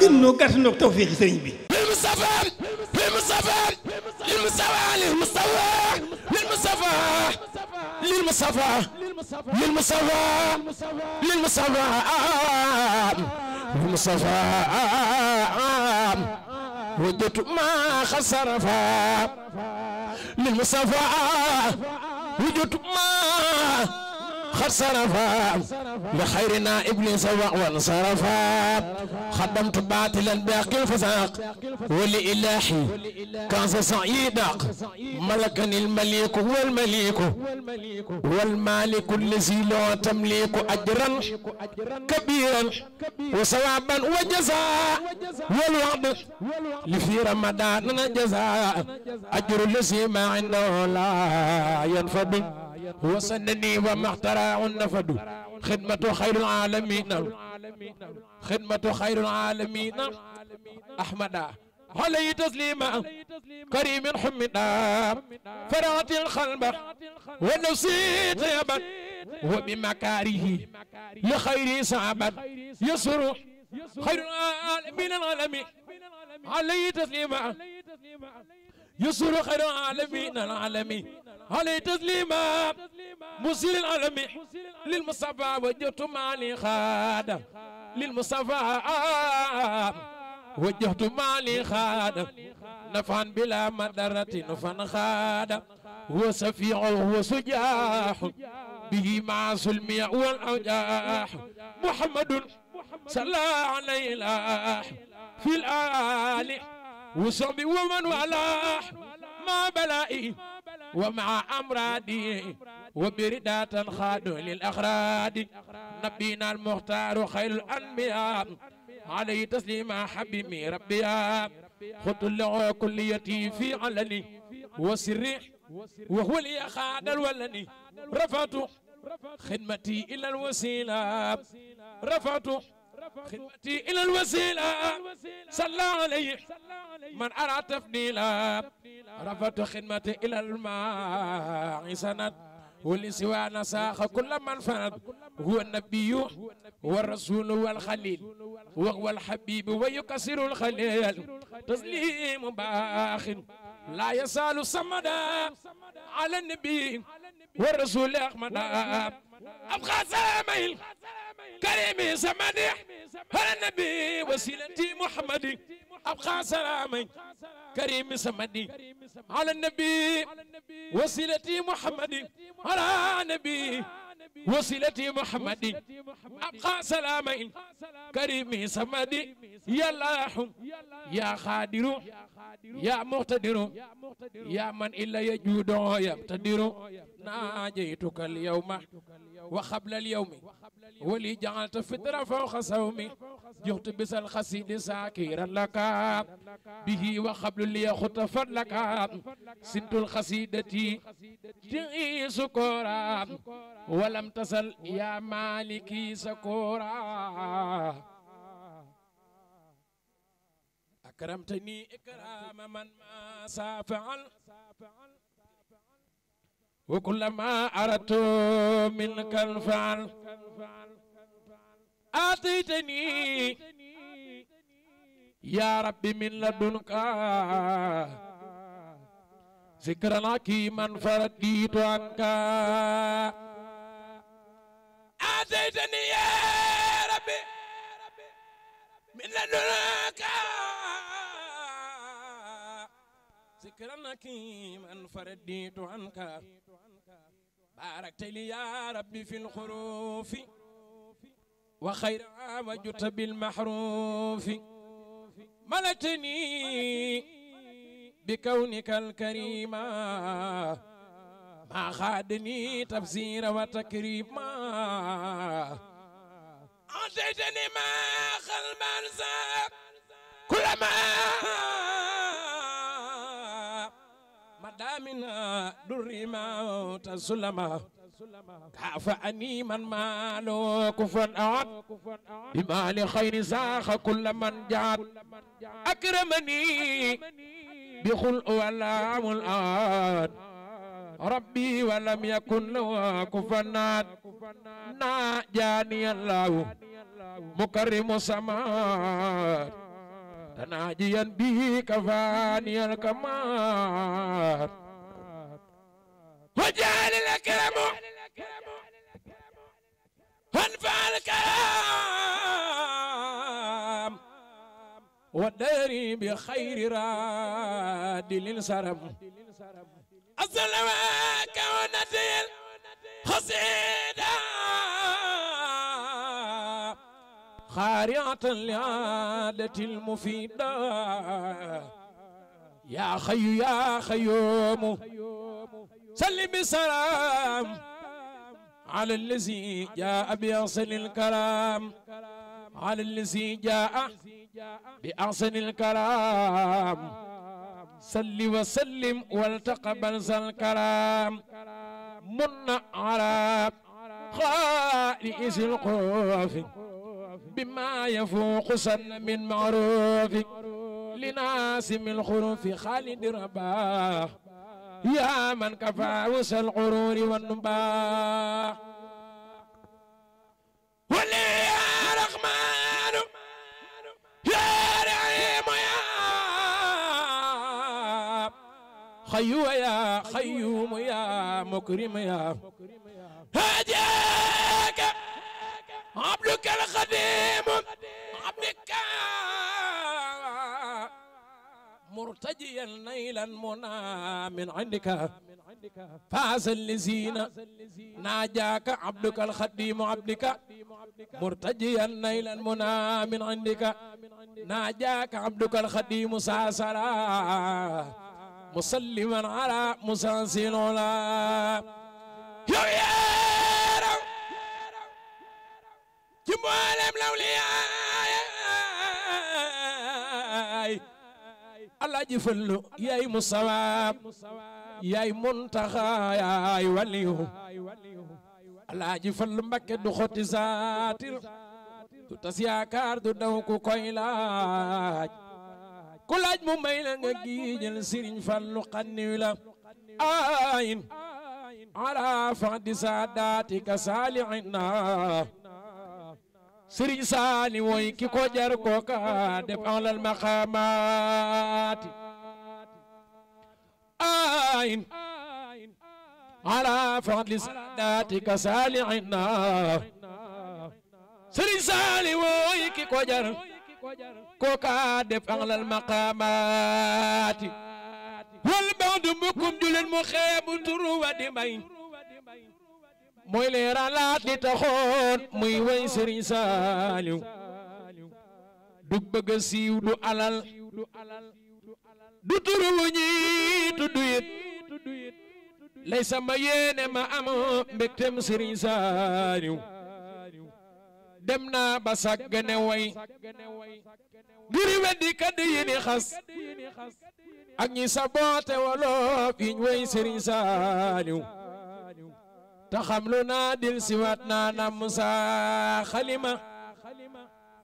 gën noo gàtt noo tawféexi sëriñ bi bil Mustafa bil Mustafa lil Mustafa lil Mustafa lil Mustafa lil Mustafa lil Mustafa lil Mustafa lil Mustafa wajjatu ma xasarafa lil Mustafa wajjatu ma خد صرفا لخيرنا إبليس وانصرفا خدمت باطلا باقي الفزاق ولإلهي كاس سعيدك ملكني المليك هو المليك هو المالك الذي لا تملك أجرا كبيرا وثوابا وجزاء والوعد لفي رمضان جزاء أجر الذي ما عنده لا ينفد وسنني ومخترع النفد خدمة خير العالمين خدمة خير العالمين أحمد علي تسليما كريم حمدا فرعت القلب ونسي طيبا وبمكاره لخير صعبا يسر خير العالمين العالمين علي تسليما يسر خير العالمين العالمين عليه تسليما مسير العالمين للمصطفى وجهت مالي خادم للمصطفى وجهت مالي خادم نفعا بلا مدرة نفعا خادم هو سفيع هو سجاح به مع سلمي والأوجاح محمد صلى عليه في الآل وصبي ومن والاه ما بلائي ومع أمرادي وبرداة خاد للأخراد نبينا المختار خير الأنبياء عليه تسليم حبيبي ربي خط له كليتي في علني وسري وهو لي خاد الولني رفعت خدمتي إلى الوسيلة رفعت خدمتي إلى الوسيلة صلى عليه من أرى تفنيلا رفعت خدمتي إلى الماء سند ولسوى نساخ كل من فرد هو النبي والرسول والخليل وهو الحبيب ويكسر الخليل تسليم باخ لا يزال صمدا على النبي والرسول أحمد أبقى سامي كريم سمدي على النبي وسيلتي محمد أبقى سلامي كريم سمدي على النبي وسيلتي محمد على النبي وصلتي محمد أبقى سلامين كريمي سمدي يا لاح يا خادر يا مقتدر يا من إلا يجود يقتدر ناجيتك اليوم وقبل اليوم ولي جعلت فترة فوق صومي جهت بس الخسيد ساكرا لك به وقبل لي خطفا لك سنت الخسيدة تعيس كورا ولم تصل يا مالكي سكورا أكرمتني إكرام من ما سافعل وكلما أردت منك الفعل أعطيتني يا ربي من لدنك ذكرنا كي من فرديت عنك آتيتني يا ربي من لدنك ذكرا حكيما فرديت عنك باركت لي يا ربي في الخروف وخير وجدت بالمحروف ملتني بكونك الكريم ما خادني تفسير وتكريم أعطيتني ما خل من ساق كلما مدامنا دري موت سلما كافأني من مالو كفن أعد بما لخير ساخ كل من جاد أكرمني بخلق والعام الآن ربي ولم يكن له كفنات ناجاني الله مكرم السماء تناجيا به كفاني الكمار وجعل الأكرم انفع الكلام وداري بخير راد للسرم أسلم كونتي الحسيدة خارعة العادة المفيدة يا خي يا خيوم سلم السلام على الذي جاء بأحسن الكلام على الذي جاء بأحسن الكلام salli wa sallim wal taqabal sal karaam munna ala xaali isil xoofi bima yafuuqu san min maarufi linaasimil xurufi xaalidi rabaax yaa man kafaawu sal xuruuri wan nubaax حي يا خيوم يا مكرم يا هداك عبدك الخديم عبدك مرتجيا نيلا منى من عندك فاز الذين ناجاك عبدك الخديم عبدك مرتجيا نيلا منى من عندك ناجاك عبدك الخديم ساسرا مسلما على مسانسلنا يا يارا جمالم لولياي الله جفل ياي مصواب ياي منتخى ياي وليه الله جفل مكة دخوتي ساتر تسيا كار دو دو كوكويلاج ku laaj mu may la nga giiñal sëriñ Fallu xanniw la ayin ala fadi saadatika saalihina sëriñ saali woy ki ko jar kooka def alal maqaamaati ayin ala fadi saadatika saalihina sëriñ saali woy ki ko jar kooka def anglal maqaamaati wal ba'du mbukum julen mu xeebu turu wa di may mooy leeralaat li taxoon muy way sëriñ saaliw du bëgg siiw du alal du turu wu ñii tuddu lay sama yéene ma am mbégtem sëriñ saaliw dem naa ba sàggane way ngir weddi kaddu yi ni xas ak sa saboote wolof yiñ way sëriñ saaliw te xam lu naa dil siwaat naa namm saa xalima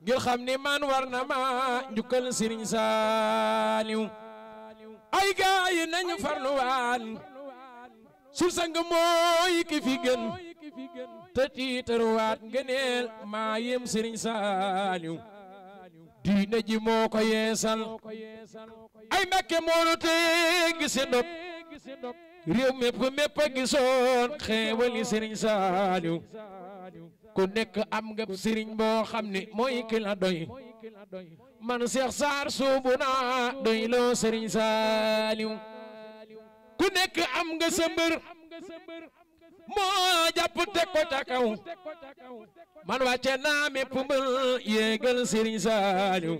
ngir xam ni man war na ma njukkal sëriñ saaliw ay gaa yi nañu farluwaan sul sang mooy ki fi gën te tiitaruwaat ngëneel maa yem sëriñ saaliw diine ji moo ko yeesal ay mbakke moonu tee gise ndop réew mépp mépp a gisoon xeewali sëriñ saaliw ku nekk am nga sëriñ moo xam ni mooy ki la doy man Cheikh Sarr suubu naa doy loo saaliw ku nekk am nga sa moo jàpp teg ko ca kaw man wàcce naa mépp mbër yéegal sëriñ Saaliw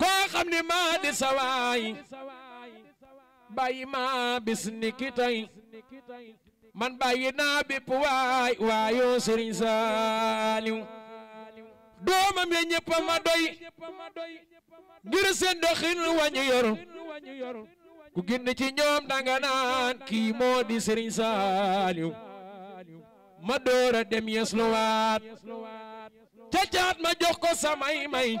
koo xam ni maa di sawaay bàyyi maa bis man bàyyi naa bépp waay waayoo sëriñ Saaliw doomam ya ñëpp ma doy ngir seen wañu yor ku génn ci ñoom danga naan kii moo di Serigne Saliou ma door a dem yesluwaat cacaat ma jox ko samay may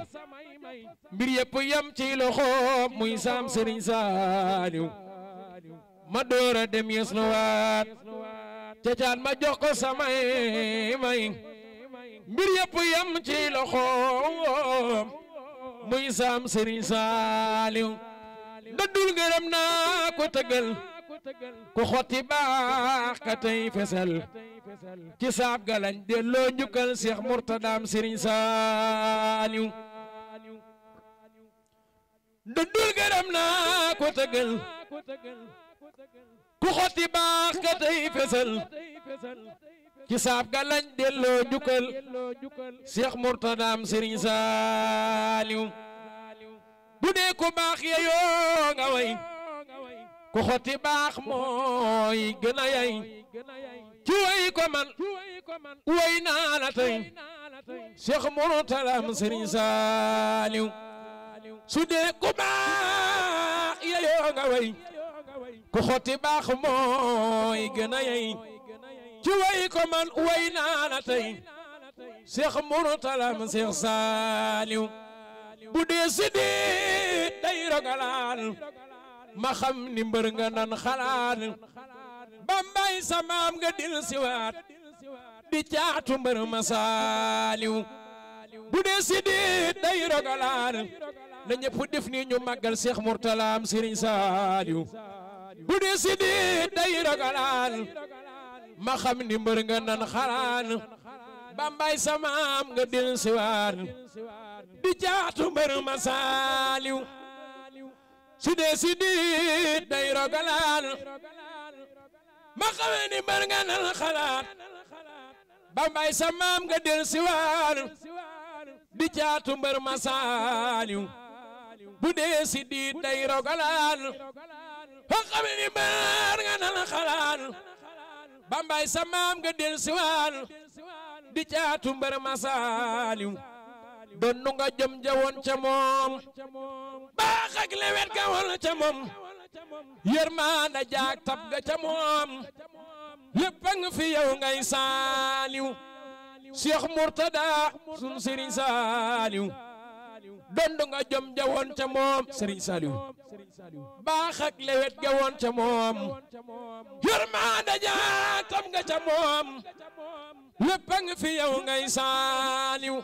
mbir yëpp yam ci loxoom mu saam Serigne Saliou ma door a dem yesluwaat cacaat ma jox ko samay may mbir yëpp ci loxoom muy saam Serigne dëddul ngërëm naa ko tëggal ku xotti baax ko tëggal baax ka fesal ci saab galañ delloo njukkal Seex Murtadaam Sëriñ Saaliw bu dee ku baax ya yoo nga way ku xotti baax mooy gën yay ci way ko man way naa la tey Cheikh Murtalam Sëriñ Saaliw baax ya Saaliw bu dee siddiit day rogalaan ma xam ni mbër nga nan xalaat bambay samaam nga dil siwaat di caatu mbër ma saaliw bu dee siddiit day rogalaan na ñëpp def ni ñu màggal Cheikh Mourtalaam Saaliw bu dee siddiit day rogalaan ma xam ni mbër nga nan xalaat bambay samaam nga dil siwaat di jaatu mbër ma saaliw dee si diit day rogalaal ma xamee ni mbër nga nal xalaat ba mbay sa maam nga del si waar di bu dee si diit day rogalaal ma xamee ni mbër nga nal xalaat ba mbay sa maam nga del si waar di donnu nga jëm jawoon ca moom baax ak lewet ga wala ca moom yërmaanda jaak tab ga ca moom lépp a nga fi yow ngay saaliw Cheikh Murtada sun Serigne Saaliw dondu nga jëm jawoon ca moom Serigne Saaliw baax ak lewet ga woon ca moom yërmaanda jaak tab ga ca moom lépp a nga fi yow ngay saaliw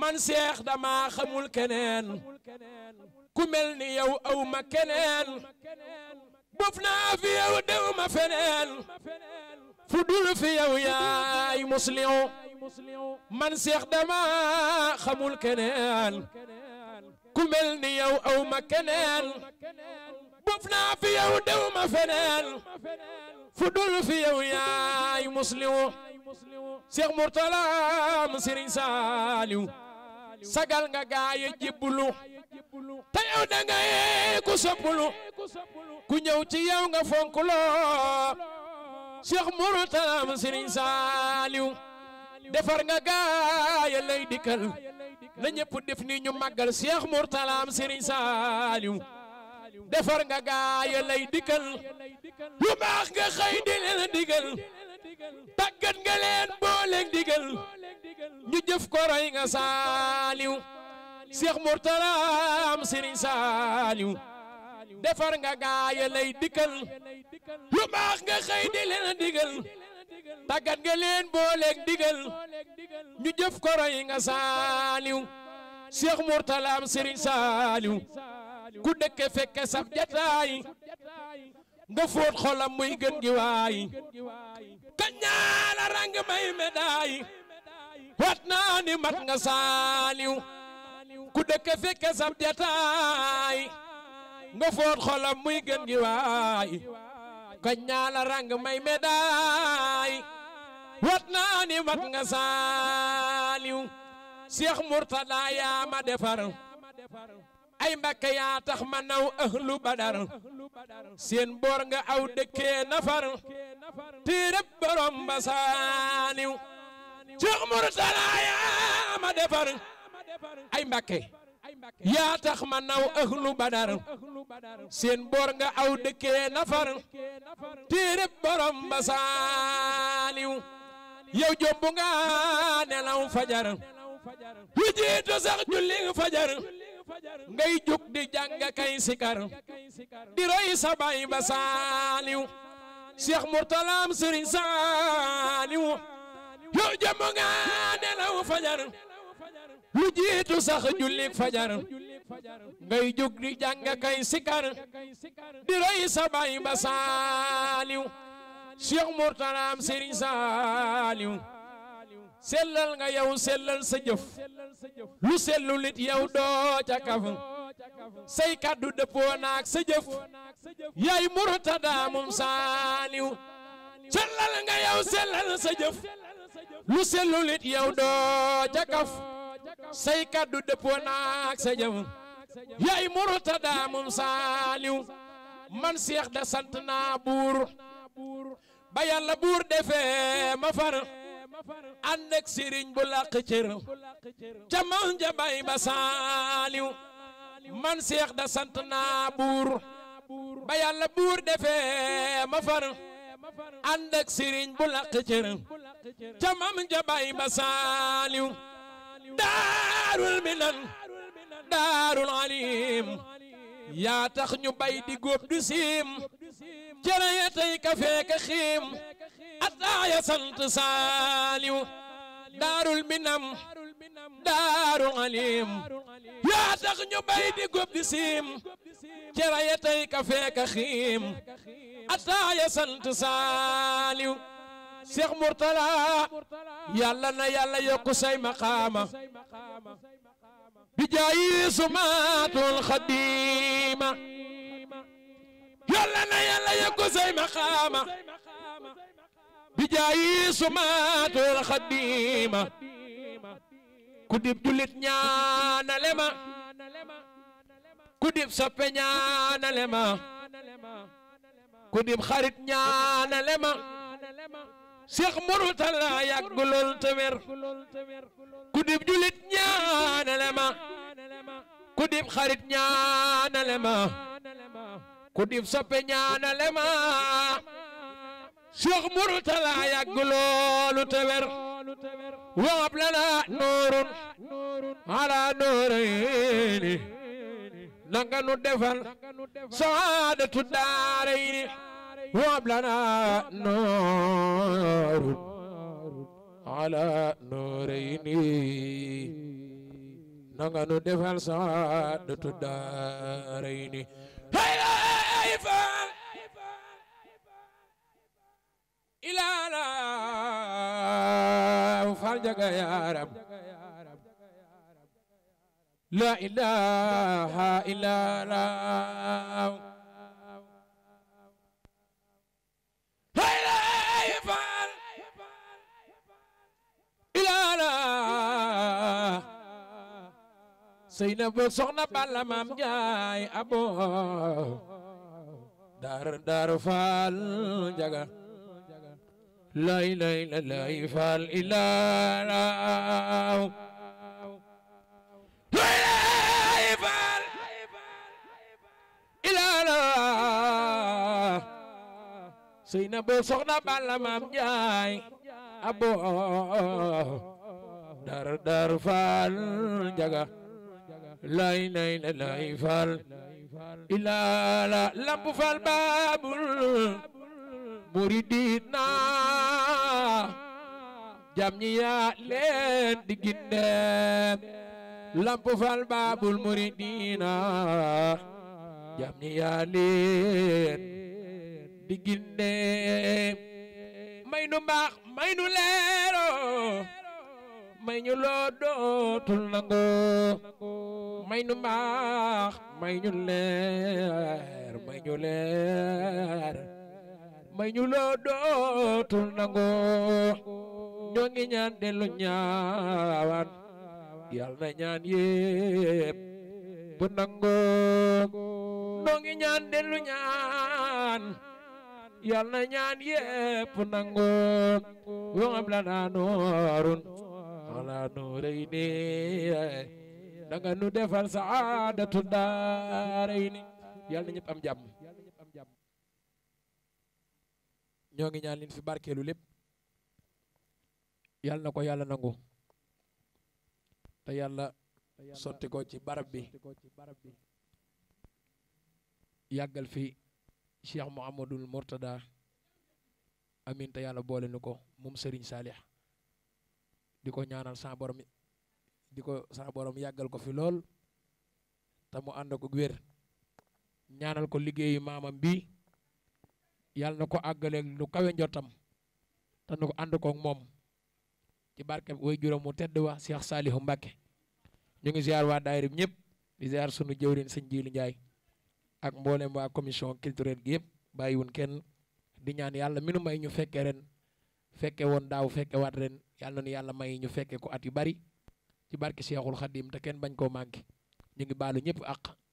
man seex dama xamul keneen ku ni yow aw ma keneen bof naa fi yow dew ma feneen fu fi yow yaay muslimu man seex dama xamul keneen ku ni yow aw ma keneen bof naa fi yow dew ma feneen fu fi yow yaay muslimu seex murtalaam sëriñ sagal nga gaaya jibbulu te yow da nga yee ku ku ñëw ci yow nga fonk lool Cheikh Murtalam Sëriñ Saaliw defar nga gaaya lay dikkal na ñëpp def nii ñu màggal Cheikh Murtalam Sëriñ Saaliw defar nga gaaya lay dikkal lu baax nga xëy di leen digal tàggat nga leen boo leen digal ñu jëf ko roy nga saaliw Cheikh Mourtala am Saaliw defar nga gaaya lay dikkal lu baax nga xëy di leen a digal nga leen boo leen ñu jëf ko roy nga saaliw Cheikh Mourtala am Saaliw ku dëkke fekke sab jataay nga fóot xolam muy gën gi waay ka ñaala rang may médaay wat naa ni mat nga saaliw ku dëkk fekke sab jataay nga fóot xolam muy gën gi waay ka ñaala rang may médaay wat naa ni mat nga saaliw Cheikh Mourtada yaa defar ay mbakke yaa tax ma naw ahlu badar seen boor nga aw dëkkee nafar téereb borom ba saaniw ceex murtala ma defar ay mbakke yaa tax ma naw ahlu badar seen boor nga aw dëkkee nafar téereb borom ba saaniw yow jombu nga nelaw fajar lu jiitu sax julli ngay jóg di jàng kay sikar di roy sa bay ba saaliw Cheikh Mourtalaam Sëriñ Saaliw yow jëmm nga nelaw fajar lu jiitu sax fajar ngay jóg di jàng kay sikar di roy sa ba saaliw Cheikh Mourtalaam Sëriñ Saaliw sellal nga yow sellal sa jëf lu sellul it yow doo ca kaf say kàddu dëppoo naak sa jëf yaay murtada mum saaliw sellal nga yow sellal sa jëf lu sellul it doo ca kaf say kàddu dëppoo naak sa jëf yaay murtada mum saaliw man seex da sant naa buur ba yàlla buur defee ma far ànd ak sëriñ bu làq cëram ca max njabay ba saaliw man seex da sant naa buur ba yàlla buur defee ma far ànd ak sëriñ bu làq cëram ca max njabay ba saaliw daarul minan daarul alim yaa tax ñu bay di góob du siim cere ya ka fee ka xiim ataaya sant saaliw daarul minam daaru alim yaa tax ñu bay di góob di siim cere ya tey kafe ka xiim ataaya sant saaliw Seex Murtala yàlla na yàlla yokku say maqaama bi jaayi sumaatul xadiima yàlla na yàlla yokku say maqaama bijaayi sumaatul xaddiima ku dib jullit ku dib soppe ñaanale ma ku dib xarit ñaanale ma Seex Murtala yàgg lool te wér ku dib jullit ñaanale ma ku dib xarit ñaanale ma ku dib soppe ñaanale ma Cheikh Murtala yàgg loolu te wér waxab lana nuurun ala nuurayni nanga nu defal saadatu daarayni waxab lana nuurun ala nuurayni nanga nu defal saadatu daarayni إله فرجك يا رب لا إله إلا الله لا إله يفعل إله سينب سخنا بالا مام جاي أبو دار دار فال جاي لا إله إلا الله فالإله Seyna bo soxna balla jaay abo dar dar faal jaga lay lay lay faal ila la muridina jam ñi yaa leen di ginde lamp fal baabul muridina jam ñi yaa leen di ginde may nu mbaax may nu leero may ñu loo dootul nangoo may nu mbaax may ñu leer may ñu leer may ñu loo dootul nangoo ñoo ngi ñaan dellu ñaawaan yal na ñaan yépp bu nangoo ñoo ngi ñaan dellu ñaan yal na ñaan yépp nangoo wongam la naa noorun ala nuurayni danga nu defal saadatu daarayni yal na ñépp am jàmm ñoo ngi ñaan leen fi barkeelu lépp yàlla na ko yàlla nangu te yàlla sotti ko ci barab bi yàggal fi Cheikh Mouhamadul Mourtada amin te yàlla boole nu ko moom sëriñ Saalix di ko ñaanal sa borom di ko sa borom yàggal ko fi lool te mu ànd ko wér ñaanal ko liggéeyu maamam bii yàlla na ko àggaleeg lu kawe njottam te nu ko ànd kook moom ci barkeb way juróom mu tedd wa Cheikh Salihu Mbacke ñu ngi ziar waa daayira bi ñëpp di ziar sunu jëwriñ sëñ Jiili Njaay ak mboolem waa commission culturelle gi yëpp bàyyiwun kenn di ñaan yàlla minu may ñu fekke ren fekke woon daaw fekke waat ren yàlla nu yàlla may ñu fekke ko at yu bari ci barke Cheikhul Khadim te kenn bañ koo manqué ñu ngi baalu ñëpp àq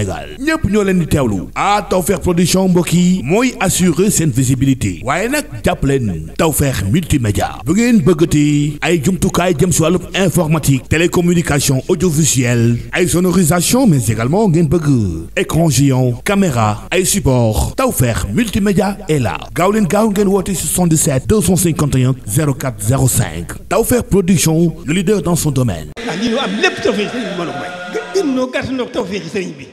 Sénégal ñépp ñoo leen di teewlu ah Tawfekh production mbokk yi mooy assurer seen visibilité waaye nag jàppaleen Tawfekh multimédia bu ngeen bëggati ay jumtukaay jëm si wàllu informatique télécommunication audiovisuelle ay sonorisation mais également ngeen bëgg écran géant caméra ay support Tawfekh multimédia est là gaaw leen gaaw ngeen woote 77 251 04 05 Tawfekh production le leader dans son domaine. ah lii ñu am a bi.